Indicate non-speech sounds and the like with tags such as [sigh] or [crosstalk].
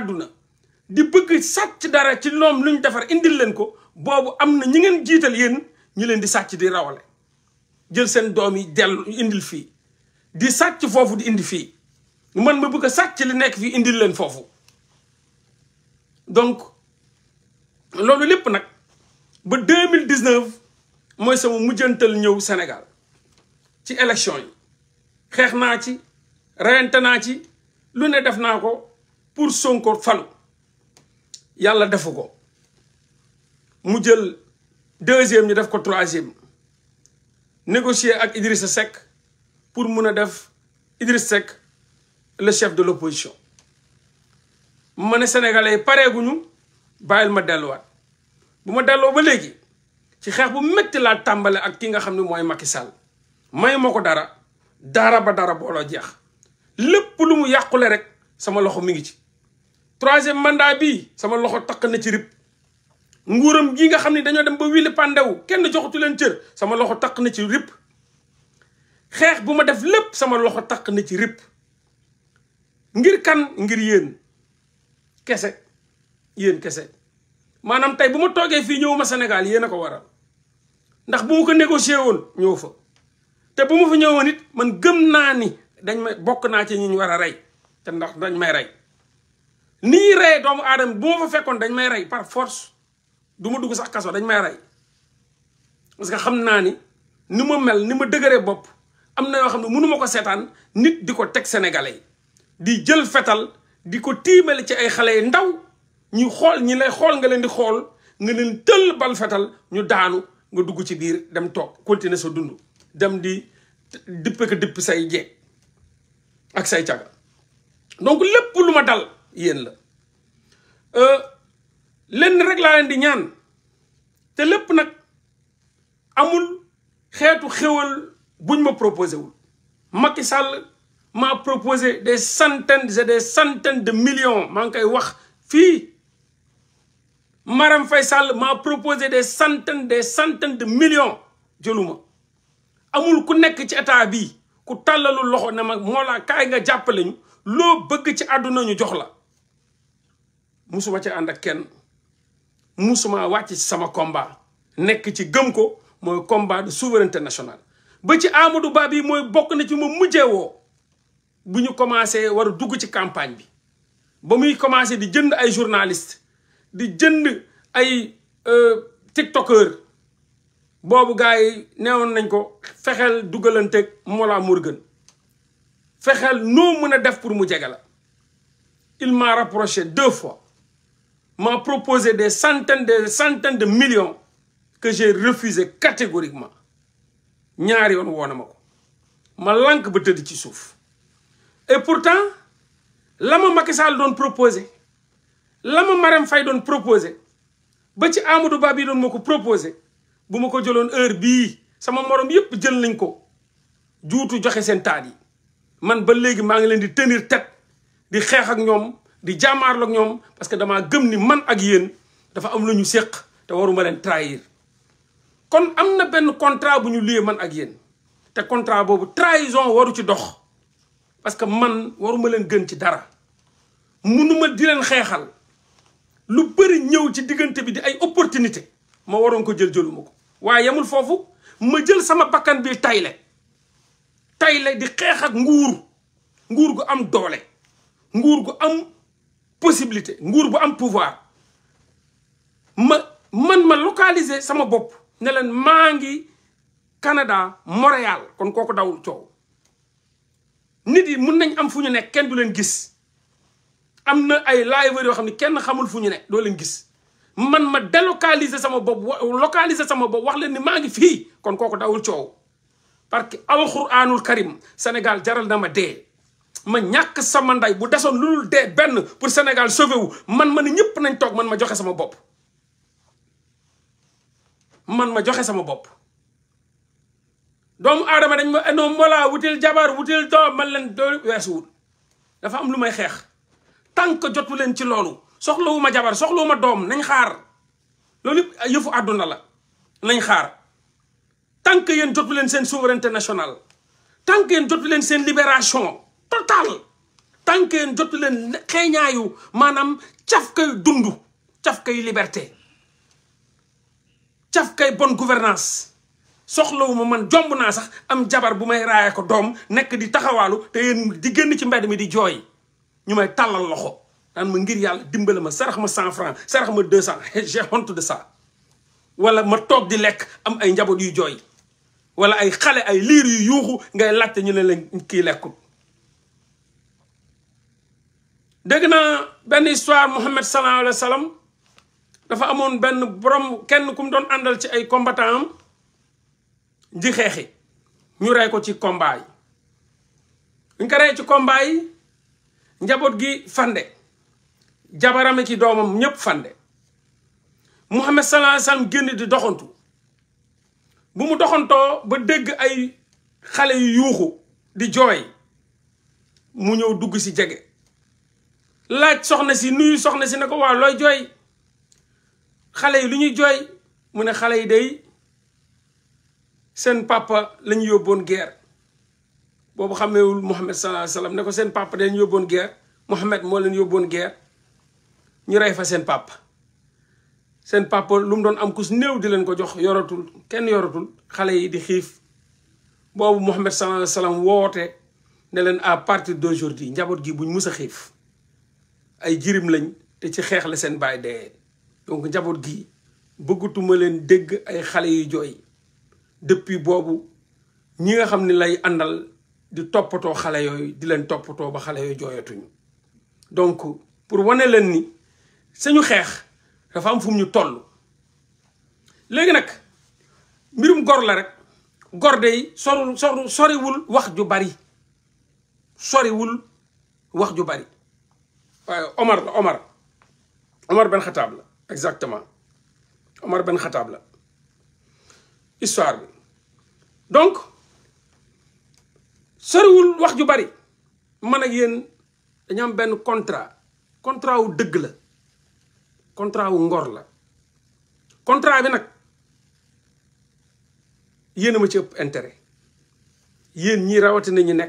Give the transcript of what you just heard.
àdduna di bëgg sàcc dara ci ñoom luñ defar indil leen ko boobu am na ñi ngeen jiital yéen ñu leen di sàcc di rawale jël seen doom yi dellu indil fii di sàcc foofu di indi fii man ma bëgg sàcc li nekk fii indil leen foofu donc loolu lépp nag ba 2019 mooy sama mujjantal ñëw senegal ci élection yi xeex naa ci reyante naa ci lu ne def naa ko pour Sonko falu yàlla defu ko mu jël deuxième ñu def ko troisième négocier ak Idrissa Seck pour mun a def Idrissa Seck le chef de l'opposition ma ne sénégalais yi pareeguñu bàyyil ma delluwaat bu ma delloo ba léegi ci xeex bu métti laa tàmbale ak ki nga xam ne mooy Macky Sall may ma ko dara dara ba dara booloo jeex lépp lu mu yàqule rek sama loxo mi ngi ci troisième mandaa bii sama loxo takk na ci rib nguuram gi nga xam ne dañoo dem ba wili pandew kenn joxatu leen cër sama loxo takk na ci rib xeex bu ma def lépp sama loxo takk na ci rib ngir kan ngir yéen kese yéen kese maanaam tey bu ma toogee fii ñëwuma senegal yéen a ko waral ndax bu ma ko négocier woon ñëw fa te bu ma fa ñëwoon it man gëm naa ni dañ ma bokk naa ci ñi ñu war a rey te ndax dañ may rey nii rey doomu aadama bu ma fa fekkoon dañ may rey par force du ma dugg sax kaso dañ may rey parce que xam naa ni ni ma mel ni ma dëgëree bopp am na yoo xam ne mënuma ko seetaan nit di ko teg sénégalais di jël fetal di ko tiimale ci ay xale yu ndaw ñu xool ñi lay xool nga leen di xool nga leen tëll bal fetal ñu daanu nga dugg ci biir dem toog continuer sa dund dem di dippe ko dipp say jeeg ak say caga donc lépp lu ma dal yéen la euh, lenn rek laa leen di ñaan te lépp nag amul xeetu xewal buñ ma proposé wul Macky Sall m'a proposé des centaines et des centaines de million maa ngi koy wax fii Marème fay Sall m'a proposé des centaines des centaines de million jëluma amul ku nekk ci état bi ku tàllalu loxo ne mag moo laa kaay nga jàppale ñu loo bëgg ci àdduna ñu jox la musuma ci ànd ak kenn musuma wàcc ci sama combat nekk ci gëm ko mooy combat de souveraineté nationale ba ci Amadou Ba bi mooy bokk na ci ma mujjee woo bu ñu commencé war a dugg ci campagne bi ba muy commencé di jënd ay journaliste di jënd ay euh, tiktokeur boobu gars yi neewoon nañ ko fexeel dugalante dugalanteeg Mola Morgan fexeel noo mën a def pour mu jege la il m'a rapproché deux fois m'a proposé des centaines des centaines de million que j'ai refusé catégoriquement ñaari yoon woon na ma ko ma lànk ba tëdd ci suuf et pourtant la ma Macky Sall doon proposé la ma Marème Faye doon proposé ba ci Amadou Ba bii doon ma ko proposé bu ma ko jëloon heure bi sama morom yépp jël nañ ko juutu joxe seen taat yi man ba léegi maa ngi leen di tenir tête di xeex ak ñoom di jàmmaarloo ñoom parce que damaa gëm ni man ak yéen dafa am lu ñu séq te waruma leen trahir kon am na benn contrat bu ñu lié man ak yéen te contrat boobu trahison waru ci dox parce que man waruma leen gën ci dara munuma di leen xeexal lu bëri ñëw ci diggante bi di ay opportunité ma waroon ko jël jëluma ko waaye yemul foofu ma jël sama bakkan bi tayle tey la di xeex ak nguur nguur gu am doole nguur gu am possibilité nguur bu am pouvoir ma man ma localiser sama bopp ne leen maa ngi Canada Montréal kon kooku dawul coow nit yi mun nañ am fu ñu nekk kenn du leen gis am na ay live yoo xam ne kenn xamul fu ñu ne doo leen gis man ma délocaliser sama bopp localiser sama bopp wax leen ni maa ngi fii kon kooku dawul coow parce que alxuraanul karim Sénégal jaral na ma dee ma ñàkk sama nday bu desoon lu dul dee benn pour Sénégal sauvé wu man ma ne ñëpp nañ toog man ma joxe sama bopp. man ma joxe sama bopp doomu aadama dañ ma eh, non mola wutil jabar wutil doom man leen doo weesuwul dafa am lu may xeex tant que jotu leen ci loolu soxlawu ma jabar soxlawu ma doom nañ xaar loolu yëfu àdduna la nañ xaar. tant que yéen jotu leen seen souveraineté national tant que yéen leen seen libération totale tant que yéen jotu leen xeeñaayu maanaam caf kay dund caf kay liberté caf kay bonne gouvernance soxlawuma man jomb naa sax am jabar bu may raaye ko doom nekk di taxawaalu te yéen di génn ci mbedd mi di jooy ñu may tàllal loxo daan ma ngir yàlla dimbale ma sarax ma cent franc sarax ma deux cent [laughs] j'ai honte de ça wala ma toog di lekk am ay njaboot yuy jooy wala ay xale ay liir yu yuuxu ngay laajte ñu ne leen kii lekkut dégg naa benn histoire Mouhamed sallallahu alayhi wa dafa amoon benn borom kenn ku mu doon àndal ci ay combattant am ji xeexi ñu rey ko ci combat yi ñu ko rey ci combat yi njaboot gi fande jabarame ki doomam ñëpp fande Mouhamed sallallahu alayhi wa sallam génn di doxantu bu mu doxantoo ba dégg ay xale yu yuuxu di jooy mu ñëw dugg si jege laaj soxna si nuyu soxna si ne ko waaw looy jooy xale yi lu ñuy jooy mu ne xale yi day seen papa lañu yóbboon guerre boobu xamewul Mouhamed sallallahu alayhi wasallam ne ko seen papa dañu yóbboon guerre Mouhamed moo leen yóbboon geer ñu rey fa seen papa seen papa lu mu doon am kus néew di leen ko jox yoratul kenn yoratul xale yi di xiif boobu Mouhamed sallallahu alayhi wa sallam woote ne leen à partir d'aujourd'hui njaboot gi buñ mus a xiif ay jirim lañ te ci xeex la seen baay dee donc njaboot gi bëggatuma leen dégg ay xale yu jooy depuis boobu ñi nga xam ni lay àndal di toppatoo xale yooyu di leen toppatoo ba xale yooyu jooyatuñu donc pour wane leen ni suñu xeex dafa am fu ñu toll léegi nag mbirum gor la rek gor dey sorul soru soriwul wax ju bari soriwul wax ju bari waaye Omar la Omar Omar Ben la exactement Omar benn Khattab la histoire bi donc soriwul wax ju bari mën a yéen dañam benn contrat contrat wu dëgg la contrat wu ngor la contrat bi nag yéen a ma ci ëpp intérêt yéen ñii rawatina ñu nekk